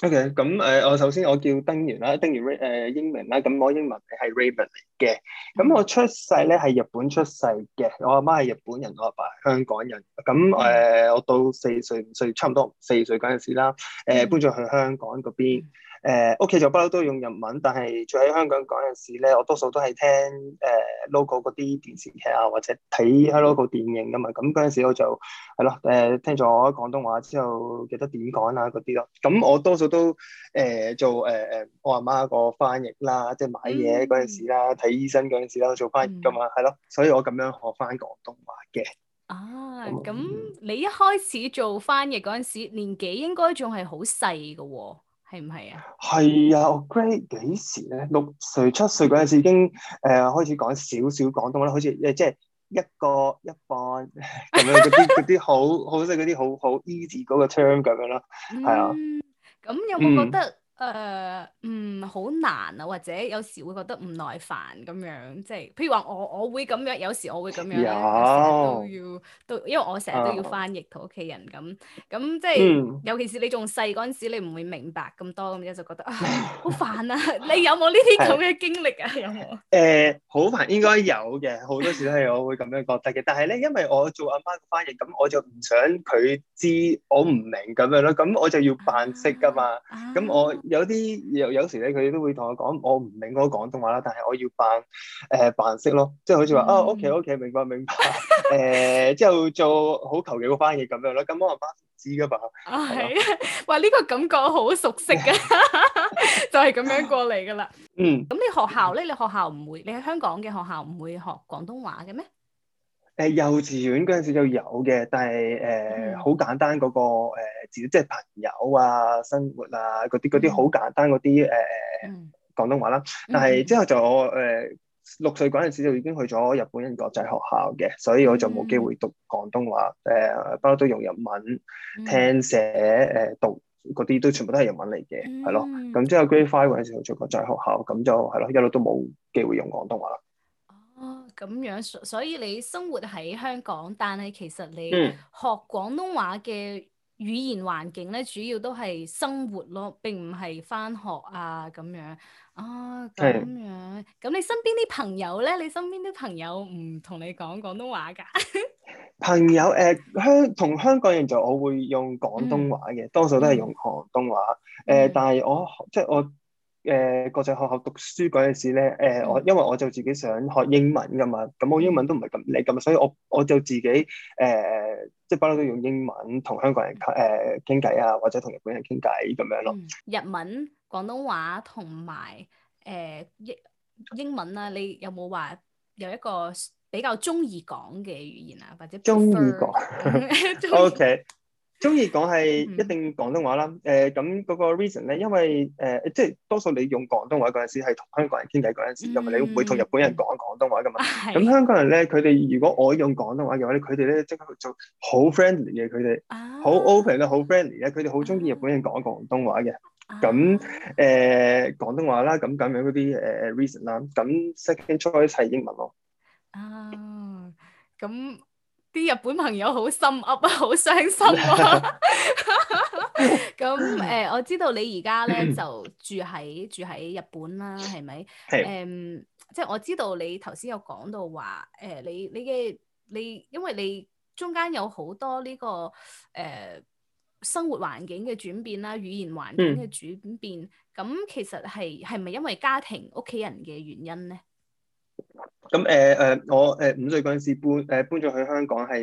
OK，咁、嗯、誒，我首先我叫丁源啦，丁源 Ray、呃、英文啦，咁、嗯、我英文係 Raymond 嚟嘅。咁、嗯嗯嗯、我出世咧係日本出世嘅，我阿媽係日本人，我阿爸係香港人。咁、嗯、誒、嗯嗯，我到四歲五歲差唔多四歲嗰陣時啦，誒、嗯嗯、搬咗去香港嗰邊。誒屋企就不嬲都用日文，但係住喺香港嗰陣時咧，我多數都係聽誒 local 嗰啲電視劇啊，或者睇喺 local 電影噶嘛。咁嗰陣時我就係咯，誒、呃、聽咗廣東話之後，記得點講啊嗰啲咯。咁我多數都誒、呃、做誒誒、呃、我阿媽個翻譯啦，即係買嘢嗰陣時啦，睇、嗯、醫生嗰陣時啦，做翻譯噶嘛，係咯。所以我咁樣學翻廣東話嘅。啊，咁那、嗯、你一開始做翻譯嗰陣時，年紀應該仲係好細噶喎。係唔係啊？係啊，我 Grade e 幾時咧？六歲、七歲嗰陣時已經誒、呃、開始講少少廣東啦，好似誒即係一個一半咁樣嗰啲啲好好似嗰啲好好 easy 嗰個 term 咁樣咯，係 啊。咁、嗯、有冇覺得、嗯？誒，嗯，好難啊，或者有時會覺得唔耐煩咁樣，即係譬如話我，我會咁樣，有時我會咁樣咧，都要，都因為我成日都要翻譯同屋企人咁，咁即係，尤其是你仲細嗰陣時，你唔會明白咁多，咁就覺得啊，好煩啊！你有冇呢啲咁嘅經歷啊？有冇？誒，好煩，應該有嘅，好多時都係我會咁樣覺得嘅。但係咧，因為我做阿媽嘅翻譯，咁我就唔想佢知我唔明咁樣咯，咁我就要扮識㗎嘛，咁我。有啲有有時咧，佢都會同我講，我唔明我廣東話啦，但係我要扮誒扮識咯，即係好似話哦 OK OK，明白明白，誒、 呃、之後做好求其個翻譯咁樣咯。咁我阿媽知噶嘛？啊係啊， 哇！呢、呢個感覺好熟悉啊， 就係咁樣過嚟噶啦。嗯。咁你學校咧？你學校唔會，你喺香港嘅學校唔會學廣東話嘅咩？誒、呃、幼稚園嗰陣時就有嘅，但係誒好簡單嗰、嗰個誒字、呃，即係朋友啊、生活啊嗰啲嗰啲好簡單嗰啲誒廣東話啦。但係之後就誒六、呃、歲嗰陣時就已經去咗日本人國際學校嘅，所以我就冇機會讀廣東話不嬲、mm. 呃、都用日文聽寫誒、呃、讀嗰啲都全部都係日文嚟嘅，係咯、mm.。咁之後 grade five 嗰陣時就去咗國際學校，咁就係咯一路都冇機會用廣東話啦。咁樣，所以你生活喺香港，但係其實你學廣東話嘅語言環境咧，嗯、主要都係生活咯，並唔係返學啊咁樣。啊，咁樣，咁、嗯、你身邊啲朋友咧？你身邊啲朋友唔同你講廣東話㗎？ 朋友誒，香、呃、同香港人就我會用廣東話嘅，嗯、多數都係用韓東話誒，但係我即係我。誒、呃、國際學校讀書嗰陣時咧，誒、呃、我、嗯、因為我就自己想學英文噶嘛，咁我英文都唔係咁叻咁，所以我我就自己誒、呃、即係不嬲都用英文同香港人傾誒傾偈啊，或者同日本人傾偈咁樣咯。日文、廣東話同埋誒英英文啦、啊，你有冇話有，有一個比較中意講嘅語言啊？或者中意講 Okay. 中意講係一定廣東話啦，誒咁嗰個 reason 咧，因為誒、呃、即係多數你用廣東話嗰陣時係同香港人傾偈嗰陣時，咁啊、嗯、你唔會同日本人講廣東話噶嘛。咁、嗯、香港人咧，佢哋如果我用廣東話嘅話咧，佢哋咧即係做好 friendly 嘅，佢哋好 open 啦，好、啊、friendly 嘅，佢哋好中意日本人講廣東話嘅。咁誒、啊呃、廣東話啦，咁咁樣嗰啲誒 reason 啦，咁 second choice 係英文咯。啊，咁。啲日本朋友好心悒啊，好傷心啊！咁 誒、呃，我知道你而家咧就住喺 住喺日本啦，係咪？誒， um, 即係我知道你頭先有講到話誒、呃，你你嘅你，因為你中間有好多呢、這個誒、呃、生活環境嘅轉變啦，語言環境嘅轉變，咁 其實係係咪因為家庭屋企人嘅原因咧？咁誒誒，我誒五歲嗰陣時搬誒、呃、搬咗去香港係誒，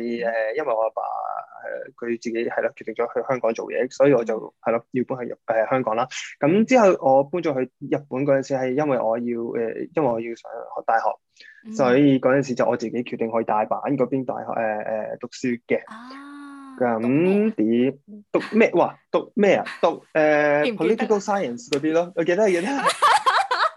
因為我阿爸誒佢、嗯、自己係啦，決定咗去香港做嘢，所以我就係咯、嗯、要搬去誒香港啦。咁之後我搬咗去日本嗰陣時，係因為我要誒，因為我要上學大學，所以嗰陣時就我自己決定去大阪嗰邊大學誒誒、呃、讀書嘅。咁點、啊、那麼 讀咩？哇、嗯， 讀咩啊？讀誒、呃、Political Science 嗰啲咯，記得記得。記得。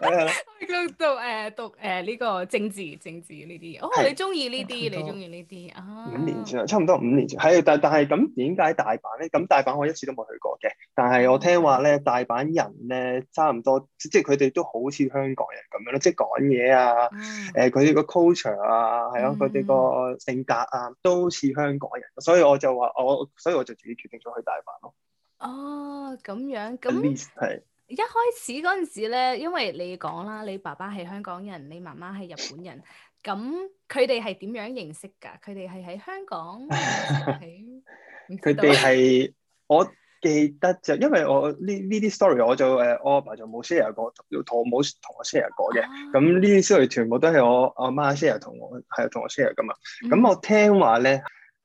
誒，我 讀誒，讀誒呢、呃，這個政治政治呢啲嘢。哦，是你中意呢啲嗯、你中意呢啲啊？哦、五年前，差唔多五年前。係，但但係咁點解大阪咧？咁大阪我一次都冇去過嘅。但係我聽話咧，哦、大阪人咧差唔多，即係佢哋都好似香港人咁樣咯，即係講嘢啊，誒、哦，佢哋個 culture 啊，係咯、啊，佢哋個性格啊，都似香港人。所以我就話我，所以我就自己決定咗去大阪咯。哦，咁樣咁。係。一開始嗰陣時咧，因為你講啦，你爸爸係香港人，你媽媽係日本人，咁佢哋係點樣認識㗎？佢哋係喺香港，佢哋係，我記得，就因為我呢呢啲 story，我就誒，我阿爸，爸就冇 share 過，同我冇同我 share 過嘅。咁呢啲 story 全部都係我阿媽 share 同我係同我 share 噶嘛。咁、嗯、我聽話咧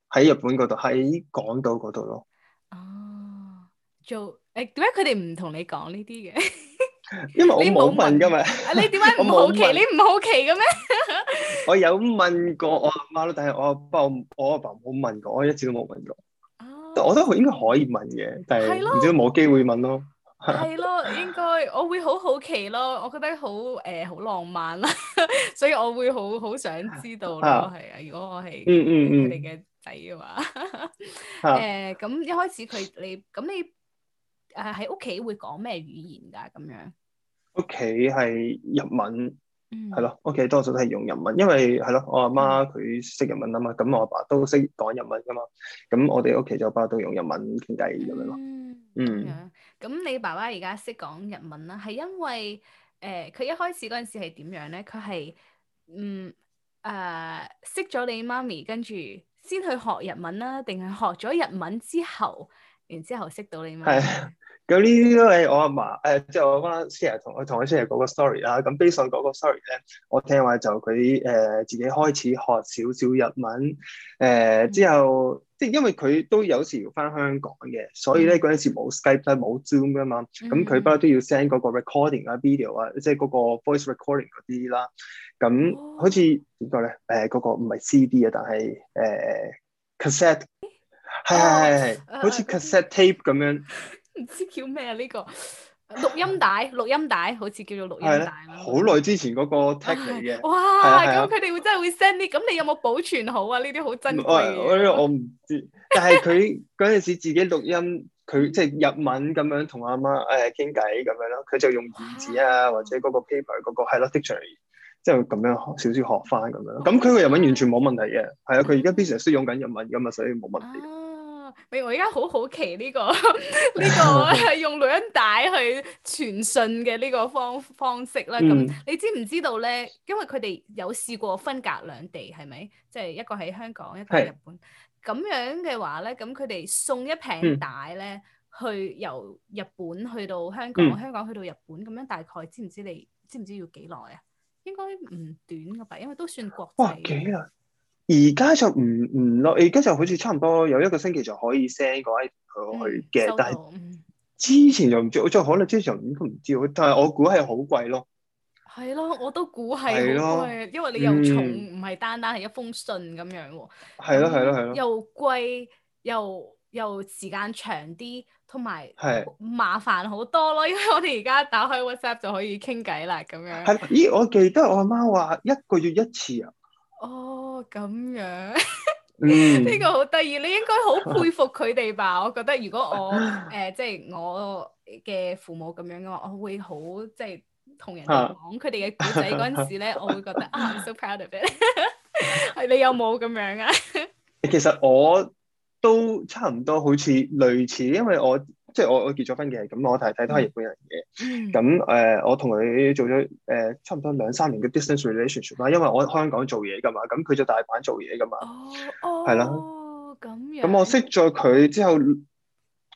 喺日本嗰度，喺港島嗰度咯。哦、啊，做。誒，點解佢哋唔同你講呢啲嘅？因為我冇問噶嘛。 你點解唔好奇？ 你唔好奇嘅咩？ 我有問過我阿媽咯，但係我阿爸我阿爸冇問過，我一次都冇問過。哦、啊，我覺得佢應該可以問嘅，但係唔咯知冇機會問咯。係 咯，應該我會好好奇咯，我覺得好誒好浪漫啦， 所以我會好好想知道咯，係啊，啊。如果我係嗯嗯佢哋嘅仔嘅話，誒咁一開始佢你咁你。誒，喺屋企會講咩語言㗎咁樣？屋企係日文，係咯、嗯，屋企多數都係用日文，因為係咯，我阿媽佢識日文啊嘛，咁、嗯、我阿爸都識講日文噶嘛，咁我哋屋企就比都用日文傾偈咁樣咯。嗯，咁、嗯、你爸爸而家識講日文啦，係因為誒佢、呃、一開始嗰陣時係點樣咧？佢係嗯誒、呃、識咗你媽咪，跟住先去學日文啦，定係學咗日文之後？然之後識到你嘛？係，咁呢啲都係我阿嫲。誒，即係我媽 share 同我同我 share 嗰個 story 啦。咁 basic 嗰個 story 咧，我聽話就佢誒、呃、自己開始學少少日文誒、呃，之後、嗯、即係因為佢都有時要翻香港嘅，所以咧，嗰陣時冇 Skype 啦，冇 Zoom 噶嘛。咁佢不嬲都要 send 嗰個 recording 啊 video 啊，即係嗰個 voice recording 嗰啲啦。咁好似點講咧？誒嗰、哦呃嗰個唔係 CD 啊，但係誒 cassette。係，好似 cassette tape 咁樣，唔知叫咩啊？呢個錄音帶，錄音帶，好似叫做錄音帶咯。好耐之前嗰個 tech 嚟嘅。哇，咁佢哋會真係會 send 啲，咁你有冇保存好啊？呢啲好珍貴。我唔知，但係佢嗰陣時自己錄音，佢即係日文咁樣同阿媽誒傾偈咁樣咯。佢就用紙啊，或者嗰個 paper 嗰個係咯 tech 嚟，即係咁樣少少學翻咁樣。咁佢個日文完全冇問題嘅，係啊，佢而家經常識用緊日文而家嘛，所以冇問題。我我而家好好奇呢、呢個呢 個係用兩帶去傳信嘅呢個方方式啦。咁你知唔知道咧？因為佢哋有試過分隔兩地，係咪？即、就、係、是、一個喺香港，一個喺日本。咁是樣嘅話咧，咁佢哋送一瓶帶咧，嗯、去由日本去到香港，嗯、香港去到日本，咁樣大概知唔知你知唔知要幾耐啊？應該唔短㗎吧，因為都算國際。哇！幾耐？而家就唔唔咯，而家就好似差唔多有一個星期就可以 send 過去嘅，嗯、但係之前就唔知，我再可能之前唔唔知，但係我估係好貴咯。係咯、嗯，我都估係好貴，了因為你又重，唔係、嗯、單單係一封信咁樣喎。係咯，係咯，係咯。又貴又又時間長啲，同埋麻煩好多咯。對因為我哋而家打開 WhatsApp 就可以傾偈啦，咁樣。係，咦？我記得我阿媽話一個月一次啊。哦，咁、oh, 樣，呢 個好得意，你應該好佩服佢哋吧？ 我覺得如果我誒，即、呃、係、就是、我嘅父母咁樣嘅話，我會好即係同人哋講佢哋嘅故仔嗰陣時咧， 我會覺得啊、oh,，I'm so proud of it，係 你有冇咁樣啊？ 其實我都差唔多好似類似，因為我。即係我我結咗婚嘅係咁，我太太都係日本人嘅。咁誒、嗯嗯，我同佢做咗誒差唔多兩三年嘅 distance relationship 啦，因為我喺香港做嘢㗎嘛，咁佢就大阪做嘢㗎嘛。哦哦。係啦的。哦，咁。咁、嗯、我識咗佢之後，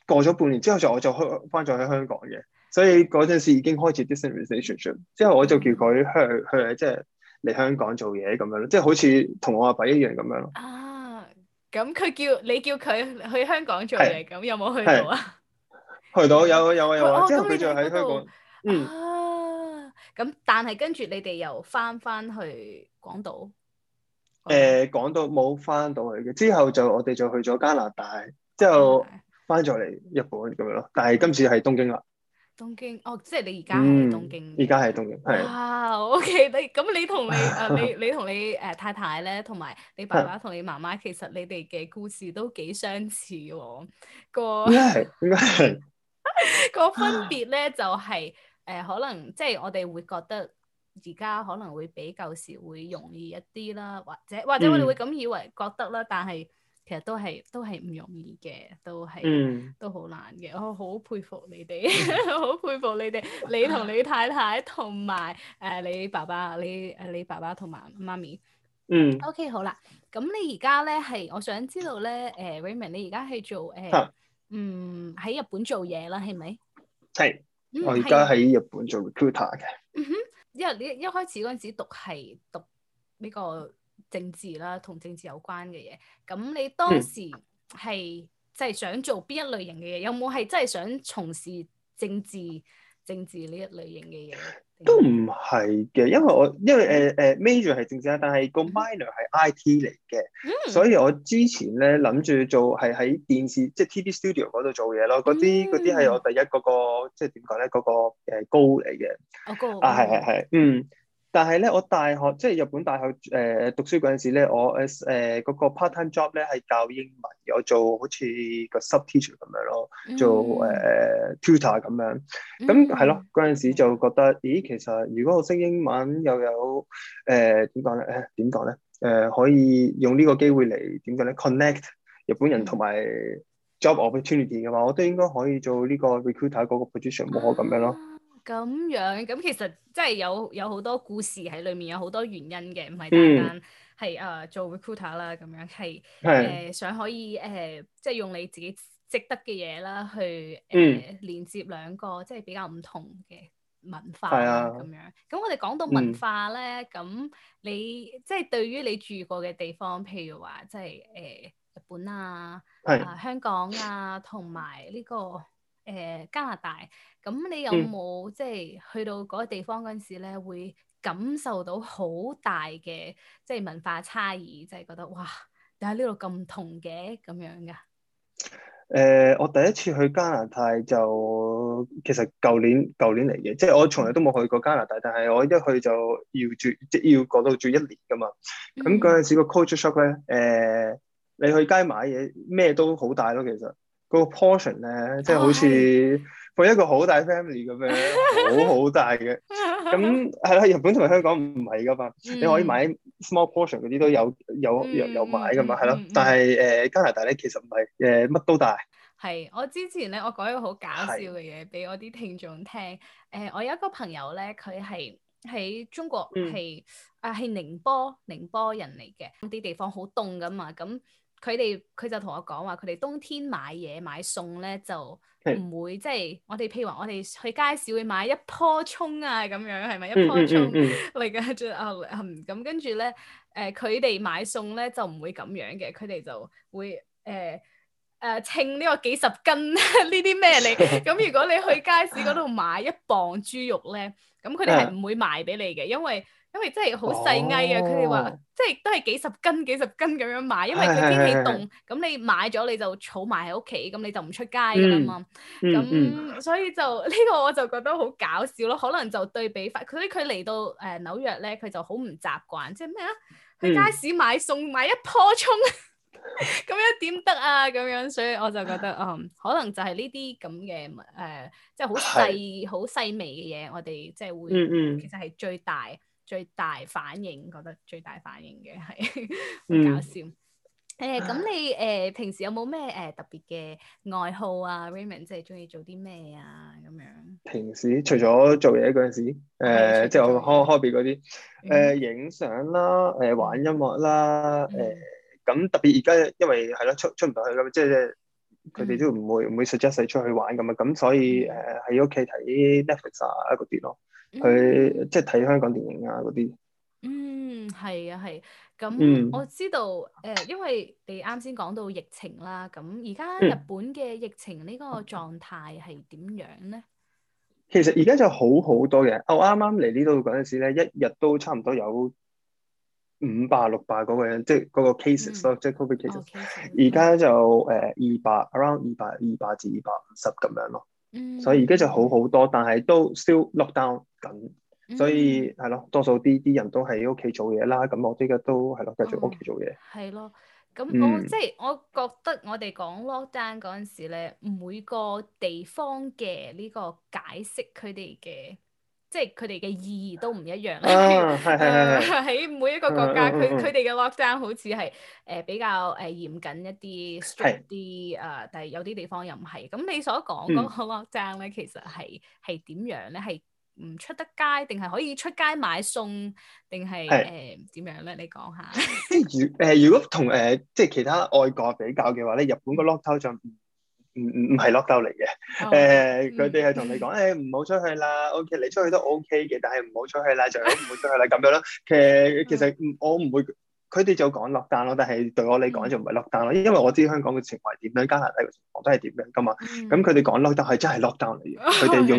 過咗半年之後就我就去翻咗去香港嘅，所以嗰陣時已經開始 distance relationship。之後我就叫佢去去，去即係嚟香港做嘢咁樣咯，即係好似同我阿爸、爸一樣咁樣咯。啊，咁佢叫你叫佢去香港做嘢，咁的有冇去到啊？去到，有啊，有啊，有啊，哦、之後佢就喺香港。嗯。咁、啊、但係跟住你哋又翻翻去廣島。誒廣島冇翻到去嘅，之後就我哋就去咗加拿大，之後翻咗嚟日本咁樣咯。的但係今次係東京啦。東京哦，即係你而家喺東京。而家喺東京。係。哇，OK，你咁你同、 uh, 你誒你你同你誒太太咧，同埋你爸爸同你媽媽， 其實你哋嘅故事都幾相似喎。嗰個。應該係。 個分別咧就係、是、誒、呃，可能即係我哋會覺得而家可能會比舊時會容易一啲啦，或者或者我哋會咁以為覺得啦，嗯、但係其實都係都係唔容易嘅，都係、嗯、都好難嘅。我好佩服你哋，好 佩服你哋，你同你太太同埋誒你爸爸，你誒你爸爸同埋媽咪。嗯。O、okay, K。好啦，咁你而家咧係我想知道咧，誒、呃、Raymond，你而家係做誒。呃啊嗯，喺日本做嘢啦，係咪？係，我而家喺日本做 recruiter 嘅。嗯哼，因為你一開始嗰陣時讀係讀呢個政治啦，同政治有關嘅嘢。咁你當時係即係想做邊一類型嘅嘢？ 有冇係真係想從事政治、政治呢一類型嘅嘢？都唔係嘅，因為我因為誒誒、呃呃、major 係正正，但係個 minor 係 IT 嚟嘅，嗯、所以我之前咧諗住做係喺電視，即係 TV studio 度做嘢咯，啲啲係我第一個、嗰個即係點講咧嗰個誒高嚟嘅啊係係係，嗯，但係咧我大學即係日本大學誒、呃、讀書陣時咧，我誒誒、呃嗰個 part time job 咧係教英文，我做好似個 sub teacher 咁樣咯。做誒誒 tutor 咁樣，咁係咯，嗰陣、mm hmm，時就覺得，咦，其實如果我識英文又有誒點講咧？誒點講咧？誒、呃呃、可以用呢個機會嚟點講咧？connect 日本人同埋 job opportunity 嘅話，我都應該可以做呢個 recruiter 嗰個 position，冇可咁樣咯。咁、啊、樣，咁其實即係有有好多故事喺裏面，有好多原因嘅，唔係單單係誒做 recruiter 啦，咁樣係誒、呃、想可以誒、呃，即係用你自己，自己。值得嘅嘢啦，去誒、呃、連接兩個、嗯、即係比較唔同嘅文化咁、嗯、樣。咁我哋講到文化咧，咁、嗯、你即係對於你住過嘅地方，譬如話即係誒、呃、日本啊、啊、香港啊，同埋呢個誒、呃、加拿大，咁你有冇、嗯、即係去到嗰個地方嗰陣時咧，會感受到好大嘅即係文化差異，即、就、係、是、覺得哇，又喺呢度咁唔同嘅咁樣㗎？誒、呃，我第一次去加拿大就其實舊年舊年嚟嘅，即係我從來都冇去過加拿大，但係我一去就要住，即要過到住一年噶嘛。咁嗰陣時個 culture shock 咧，誒、呃，你去街買嘢咩都好大咯，其實、個 portion 咧，即係好似一個好大 family 咁樣，好好、啊、大嘅。 咁係啦，日本同埋香港唔係噶嘛，嗯、你可以買 small portion 嗰啲都有有有有買噶嘛，係咯。嗯嗯嗯、但係誒、呃、加拿大咧，其實唔係誒乜都大。係我之前咧，我講一個好搞笑嘅嘢俾我啲聽眾聽。誒、呃，我有一個朋友咧，佢係喺中國係、嗯、啊，係寧波寧波人嚟嘅，啲地方好凍噶嘛，咁。佢哋佢就同我講話，佢哋冬天買嘢買餸咧就唔會，即係的我哋譬如話，我哋去街市會買一樖葱啊咁樣，係咪一樖葱嚟嘅？啊咁跟住咧，誒佢哋買餸咧就唔會咁樣嘅，佢哋就會誒誒稱呢個幾十斤呢啲咩嚟？咁 如果你去街市嗰度買一磅豬肉咧，咁佢哋係唔會賣俾你嘅，因為。因為真係好細㗎，佢哋話即係都係幾十斤、幾十斤咁樣買，因為佢天氣凍，咁、哎、呀你買咗你就儲埋喺屋企，咁你就唔出街噶啦嘛。咁所以就呢、呢個我就覺得好搞笑咯。可能就對比翻，佢佢嚟到誒、呃、紐約咧，佢就好唔習慣，即係咩啊？去街市買餸買一樖葱，咁 樣點得啊？咁樣，所以我就覺得啊、嗯，可能就係呢啲咁嘅誒，即係好細好是細微嘅嘢，我哋即係會其實係最大。最大反應覺得最大反應嘅係好搞笑。誒咁、嗯呃、你誒、呃、平時有冇咩誒特別嘅愛好啊？Raymond 即係中意做啲咩啊？咁、啊、樣平時除咗做嘢嗰陣時，即係我開開嗰啲誒影相啦，誒、呃、玩音樂啦，誒咁、嗯呃、特別而家因為係咯出出唔到去啦，即係佢哋都唔會唔、嗯、會 suggest 你出去玩咁啊，咁所以誒喺屋企睇 Netflix 啊嗰啲咯。佢即係睇香港電影啊嗰啲、 啊。嗯，係啊、嗯，係。咁我知道，誒，因為你啱先講到疫情啦，咁而家日本嘅疫情個狀態呢個狀態係點樣咧？其實而家就好好多嘅，我啱啱嚟呢度嗰陣時咧，一日都差唔多有五百六百嗰個人，即係嗰個 cases 咯，即係 coronavirus、嗯 okay, s 而家就誒二百，around 二百，二百至二百五十咁樣咯。嗯，所以而家就好好多，但係都 still lockdown 緊，所以係咯，多數啲啲人都喺屋企做嘢啦。咁我依家都係咯，喺屋企做嘢。係咯，咁我、嗯、即係我覺得我哋講 lockdown 嗰陣時咧，每個地方嘅呢個解釋，佢哋嘅。即係佢哋嘅意義都唔一樣。喺每一個國家，佢佢哋、嗯、嘅 lockdown 好似係誒比較誒嚴謹一啲 strict 啲啊，但係有啲地方又唔係。咁你所講嗰個 lockdown 咧，其實係係點樣咧？係唔出得街，定係可以出街買餸，定係誒點樣咧？的你講下。誒 如果同誒、呃、即係其他外國比較嘅話咧，日本個 lockdown。唔唔唔係 lockdown 嚟嘅，誒佢哋係同你講，誒唔好出去啦，OK，你出去都 OK 嘅，但係唔好出去啦，就唔好唔好出去啦咁樣咯。其實其實我唔會，佢哋就講 lockdown 咯，但係對我嚟講就唔係 lockdown 咯，因為我知香港嘅情況係點樣，加拿大嘅情況都係點樣噶嘛。咁佢哋講 lockdown 係真係 lockdown 嚟嘅，佢哋用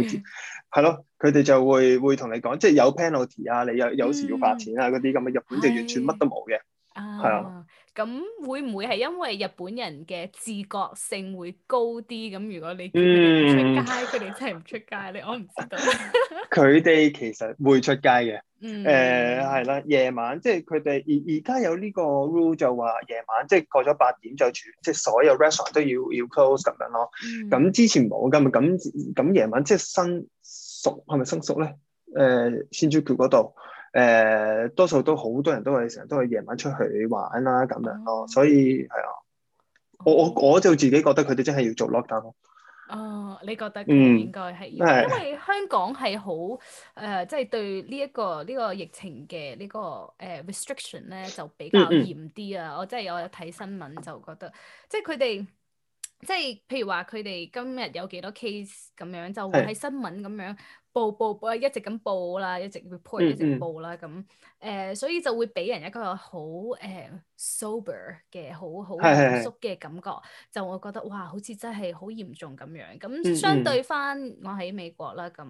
係咯，佢哋、oh、yeah. 就會會同你講，即係有 penalty 啊，你有有時要罰錢啊嗰啲咁嘅。日本就完全乜都冇嘅，係、嗯嗯嗯、啊。咁會唔會係因為日本人嘅自覺性會高啲？咁如果你叫佢哋出街，佢哋、嗯、真係唔出街咧， 我唔知道。佢 哋其實會出街嘅。誒係、嗯呃、啦，夜晚即係佢哋而而家有呢個 rule 就話夜晚即係過咗八點就住，即係所有 restaurant 都要要 close 咁樣咯。咁、嗯、之前冇㗎嘛？咁咁夜晚即係生熟係咪生熟咧？誒、呃，先做個道。誒、呃、多數都好多人都係成日都係夜晚出去玩啦咁樣咯，嗯、所以係啊，我我我就自己覺得佢哋真係要做 lockdown 哦，你覺得應該係要，嗯、因為香港係好誒，即係的、呃就是、對呢、這、一個呢、這個疫情嘅、這個呃、呢個誒 restriction 咧就比較嚴啲啊！我真係有睇新聞就覺得，嗯、即係佢哋即係譬如話佢哋今日有幾多 case 咁樣，就會喺新聞咁樣。報報報，一直咁報啦，一直 report，一直報啦咁，誒、嗯嗯呃，所以就會俾人一個好誒、uh, sober 嘅好好嚴肅嘅感覺，是是是就我覺得哇，好似真係好嚴重咁樣。咁相對翻我喺美國啦，咁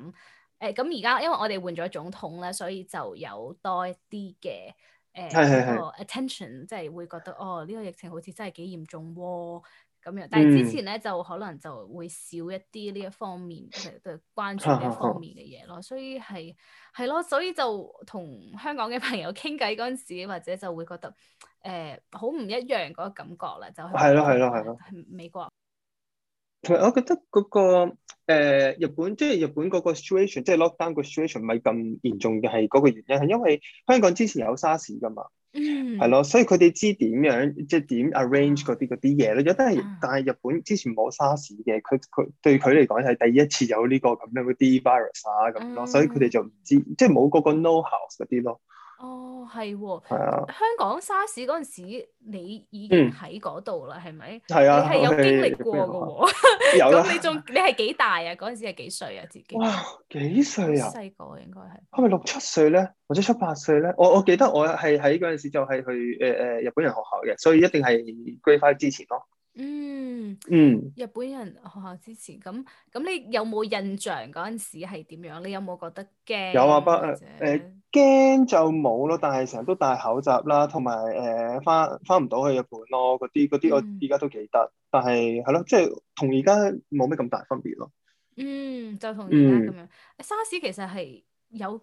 誒咁而家因為我哋換咗總統咧，所以就有多一啲嘅誒個 attention，即係會覺得哦，呢、呢個疫情好似真係幾嚴重喎。呃咁樣，但係之前咧、嗯、就可能就會少一啲呢一方面嘅嘅、嗯、關注呢一方面嘅嘢咯，嗯、所以係係咯，所以就同香港嘅朋友傾偈嗰陣時，或者就會覺得誒好唔一樣嗰個感覺啦，就係咯係咯係咯美國。其實、嗯嗯嗯嗯、我覺得嗰、那個、呃、日本即係日本嗰個 situation，即係、就是、lockdown 個 situation，咪咁嚴重嘅係嗰個原因係因為香港之前有沙士噶嘛。嗯，係咯，所以佢哋知點樣，即係點 arrange 嗰啲啲嘢咧。有得係，但係日本之前冇 SARS 嘅，佢佢對佢嚟講係第一次有呢個咁樣嗰啲 virus 啊，咁咯，所以佢哋就唔知，即係冇嗰個 know-how 嗰啲咯。哦，係喎，的香港沙士嗰陣時，你已經喺嗰度啦，係咪？係啊的，你係有經歷過嘅喎。咁你仲你係幾大啊？嗰陣時係幾歲啊？自己？哇，幾歲啊？細個應該係。係咪六七歲咧，或者七八歲咧？我我記得我係喺嗰陣時就係去誒誒、呃、日本人學校嘅，所以一定係 grade five 之前咯。嗯，嗯，日本人學校、哦、之前咁，咁你有冇印象嗰陣時係點樣？你有冇覺得驚？有啊，不誒驚者、呃、就冇咯，但係成日都戴口罩啦，同埋誒翻翻唔到去日本咯，嗰啲嗰啲我而家都記得，嗯，但係係咯，即係同而家冇咩咁大分別咯。嗯，就同而家咁樣。嗯，沙士其實係有。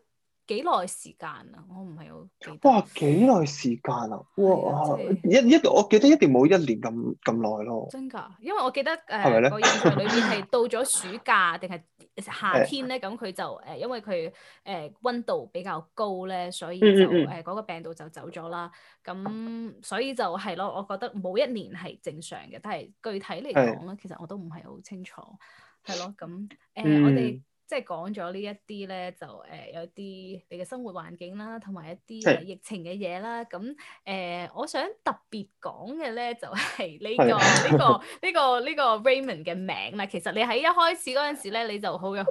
幾耐時間啊？我唔係好記得哇，幾耐時間啊？哇，一一 我記得一定冇一年咁咁耐咯。真㗎？因為我記得，誒，我印象裏面係到咗暑假定係夏天咧，咁佢的就，誒，因為佢誒溫度比較高咧，所以就誒嗰，嗯嗯嗯、個病毒就走咗啦。咁所以就係、是、咯，我覺得冇一年係正常嘅，但係具體嚟講咧，的其實我都唔係好清楚。係咯，咁，誒，我哋。呃嗯嗯即係講咗呢一啲咧，就誒、呃、有啲你嘅生活環境啦，同埋一啲疫情嘅嘢啦。咁誒、呃，我想特別講嘅咧，就係呢個呢個呢個呢個 Raymond 嘅名啦。其實你喺一開始嗰陣時咧，你就好好快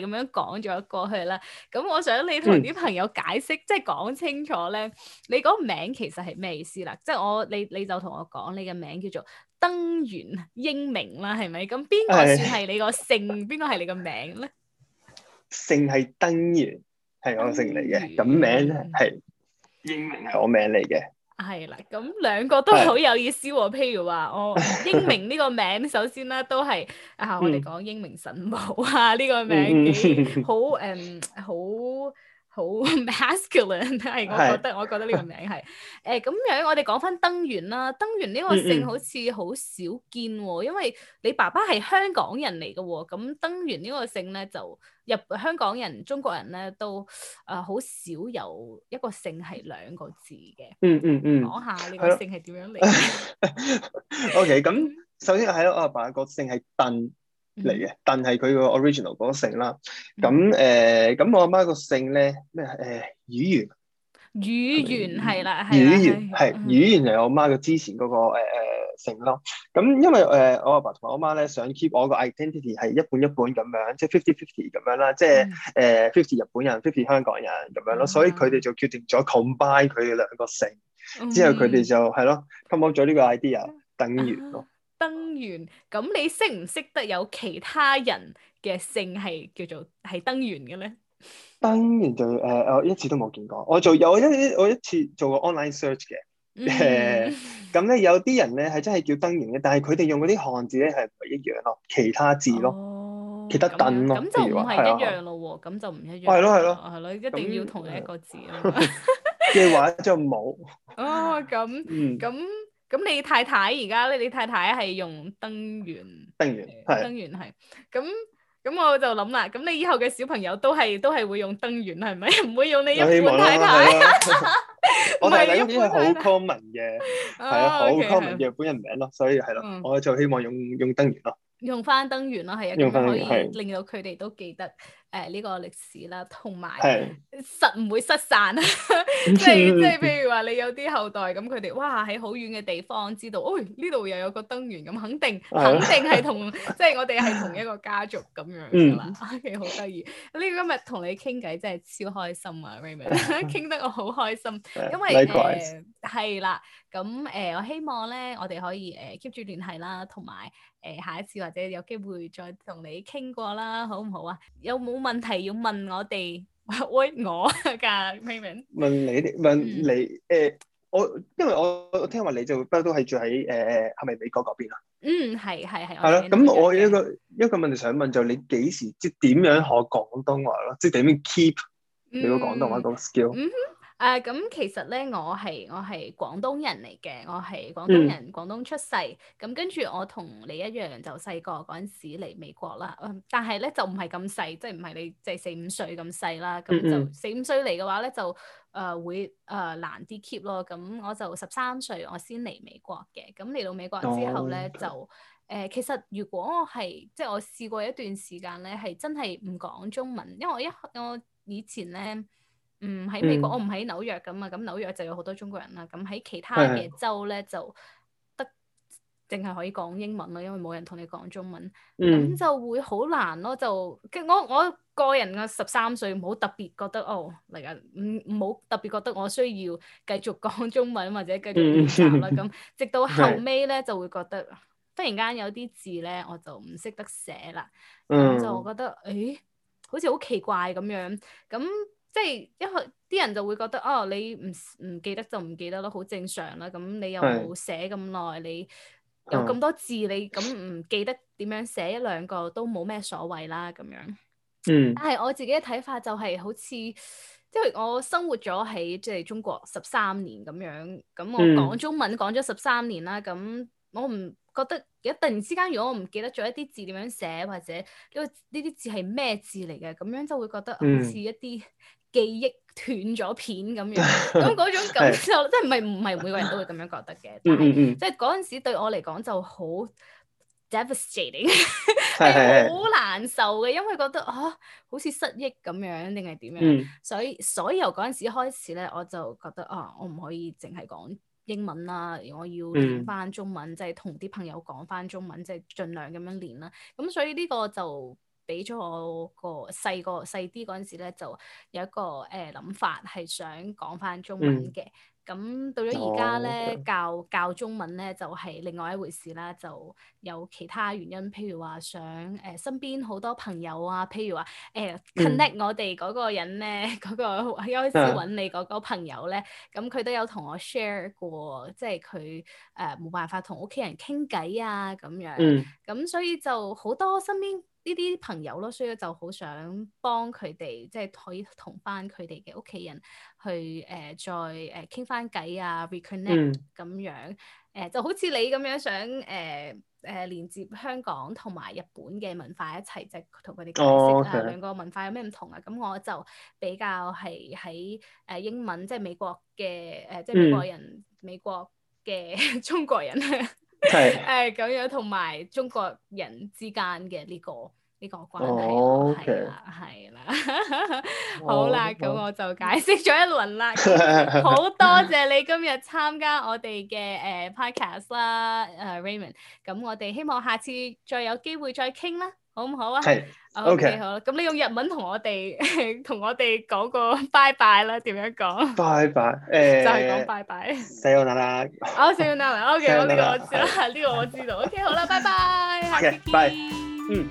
咁樣講咗過去啦。咁我想你同啲朋友解釋，嗯、即係講清楚咧，你嗰名其實係咩意思啦？即係我你你就同我講，你嘅名叫做登元英明啦，係咪？咁邊個算係你個姓？邊個係你個名咧？姓係登元，係我姓嚟嘅。咁名呢係英明，係我名嚟嘅。係啦，咁兩個都好有意思。譬如話我英明呢個名，首先啦都係啊，我哋講英明神武啊，呢個名幾好誒，好。好 masculine，但係我覺得是我覺得呢個名係誒咁樣，我哋講翻登元啦，登元呢個姓好似好少見喎，嗯嗯因為你爸爸係香港人嚟嘅喎，咁登元呢個姓咧就入香港人、中國人咧都誒好、呃、少有一個姓係兩個字嘅。嗯嗯嗯，講下呢個姓係點樣嚟？OK，咁首先係我阿爸個姓係鄧。 嗯嗯嚟嘅，但係佢個 original 嗰個姓啦。咁誒，咁、嗯呃、我阿媽個姓咧咩？誒、呃，宇垣。宇垣係啦，係。宇垣係，宇垣就係我阿媽嘅之前嗰個誒姓咯。咁因為誒、呃、我阿爸同我阿媽咧想 keep 我個 identity 係一半一半咁樣，即係 fifty-fifty 咁樣啦，即係誒 fifty 日本人，fifty 香港人咁樣咯。嗯、所以佢哋就決定咗 combine 佢哋兩個姓，之後佢哋就係咯 combine 咗呢個 idea，等於咯。登元，咁你識唔識得有其他人嘅姓係叫做係登元嘅咧？登元就誒，我一次都冇見過。我做有一我一次做過 online search 嘅，誒，咁咧有啲人咧係真係叫登元嘅，但係佢哋用嗰啲漢字咧係唔係一樣咯，其他字咯，其他等咯，咁就唔係一樣咯，咁就唔一樣。係咯係咯，係咯，一定要同你一個字咯。嘅話就冇。哦，咁，咁。咁你太太而家咧，你太太係用登元，登元係，登元係。咁咁我就諗啦，咁你以後嘅小朋友都係都係會用登元係咪？唔會用你一本太太。我太一呢啲係好 common 嘅，係啊，好 common 嘅日本人名咯，啊、okay, 所以係咯、啊，我就希望用用登元咯。用翻登元咯，係啊，可以令到佢哋都記得。誒呢、呃這個歷史啦，同埋實唔會失散啊！即係即係，就是、譬如話你有啲後代咁，佢哋哇喺好遠嘅地方知道，哦、哎，呢度又有個燈源，咁肯定肯定係同即係 我哋係同一個家族咁樣㗎啦。 嗯、OK，好、啊、man, 得意！呢個今日同你傾偈真係超開心啊，Raymond，傾得我好開心，因為係啦。咁誒、呃呃，我希望咧，我哋可以誒 keep 住聯繫啦，同埋誒下一次或者有機會再同你傾過啦，好唔好啊？有冇？問題要問我哋喂我噶明唔明？問你啲問你誒，我因為我我聽話你就不嬲都係住喺誒誒，係咪美國嗰邊啊？嗯，係係係。係咯，咁我一個一個問題想問就係你幾時即係點樣學廣東話咯？即係點樣 keep 你個廣東話個 skill？誒咁、uh, 其實咧，我係我係廣東人嚟嘅，我係廣東人，嗯、廣東出世。咁跟住我同你一樣，就細個嗰陣時嚟美國啦。但係咧就唔係咁細，即係唔係你即係四五歲咁細啦。咁就四五歲嚟嘅話咧，就誒會誒難啲 keep 咯。咁我就十三歲我先嚟美國嘅。咁嚟到美國之後咧，就誒、呃、其實如果我係即係我試過一段時間咧，係真係唔講中文，因為我一我以前咧。唔喺、嗯、美國、嗯、我唔喺紐約咁啊，咁紐約就有好多中國人啦。咁喺其他嘅州咧，的就得淨係可以講英文咯，因為冇人同你講中文，咁、嗯、就會好難咯。就我我個人嘅十三歲，冇特別覺得哦嚟緊，唔好特別覺得我需要繼續講中文或者繼續練習啦。咁、嗯、直到後尾咧，的就會覺得忽然間有啲字咧，我就唔識得寫啦。咁、嗯、就覺得誒、欸，好似好奇怪咁樣咁。即係因為啲人就會覺得哦，你唔唔記得就唔記得咯，好正常啦。咁你又寫咁耐，你有咁多字，哦、你咁唔記得點樣寫一兩個都冇咩所謂啦。咁樣，嗯，但係我自己嘅睇法就係好似，即係我生活咗喺即係中國十三年咁樣，咁我講中文講咗十三年啦，咁、嗯、我唔覺得一突然之間如果我唔記得咗一啲字點樣寫或者呢個呢啲字係咩字嚟嘅，咁樣就會覺得好似一啲、嗯。記憶斷咗片咁樣，咁嗰種感受，即係唔係唔係每個人都會咁樣覺得嘅。 但，嗯，即係嗰陣時對我嚟講就好 devastating，係 好難受嘅，因為覺得啊，好似失憶咁樣定係點樣 所。所以所以由嗰陣時開始咧，我就覺得啊，我唔可以淨係講英文啦，我要練翻中文，即係同啲朋友講翻中文，即係盡量咁樣練啦。咁所以呢個就～俾咗我個細個細啲嗰陣時咧，就有一個誒諗法係想講返中文嘅。咁、嗯、到咗而家咧教教中文咧，就係、是、另外一回事啦。就有其他原因，譬如話想誒、呃、身邊好多朋友啊，譬如話誒、呃、connect 我哋嗰個人咧，嗰個一開始揾你嗰個朋友咧，咁佢都有同我 share 過，即係佢誒冇辦法同屋企人傾偈啊咁樣。咁、嗯、所以就好多身邊。呢啲朋友咯，所以就好想幫佢哋，即、就、係、是、可以同翻佢哋嘅屋企人去誒、呃，再誒傾翻偈啊 reconnect 咁、嗯、樣誒、呃，就好似你咁樣想誒誒、呃呃，連接香港同埋日本嘅文化一齊，即係同佢哋解釋啊，哦 okay. 兩個文化有咩唔同啊？咁我就比較係喺誒英文，即、就、係、是、美國嘅誒，即、呃、係、就是、美國人，嗯、美國嘅中國人，係誒咁樣同埋中國人之間嘅呢、這個。呢個關係係啦，係啦，好啦，咁我就解釋咗一輪啦。好多謝你今日參加我哋嘅誒 podcast 啦，誒 Raymond。咁我哋希望下次再有機會再傾啦，好唔好啊？係。OK 好。咁你用日文同我哋同我哋講個拜拜啦，點樣講？拜拜誒。就係講拜拜。Sayonara 啊，啊 Sayonara 啊，OK，呢個我知啦，呢個我知道。OK 好啦，拜拜，下次見。嗯。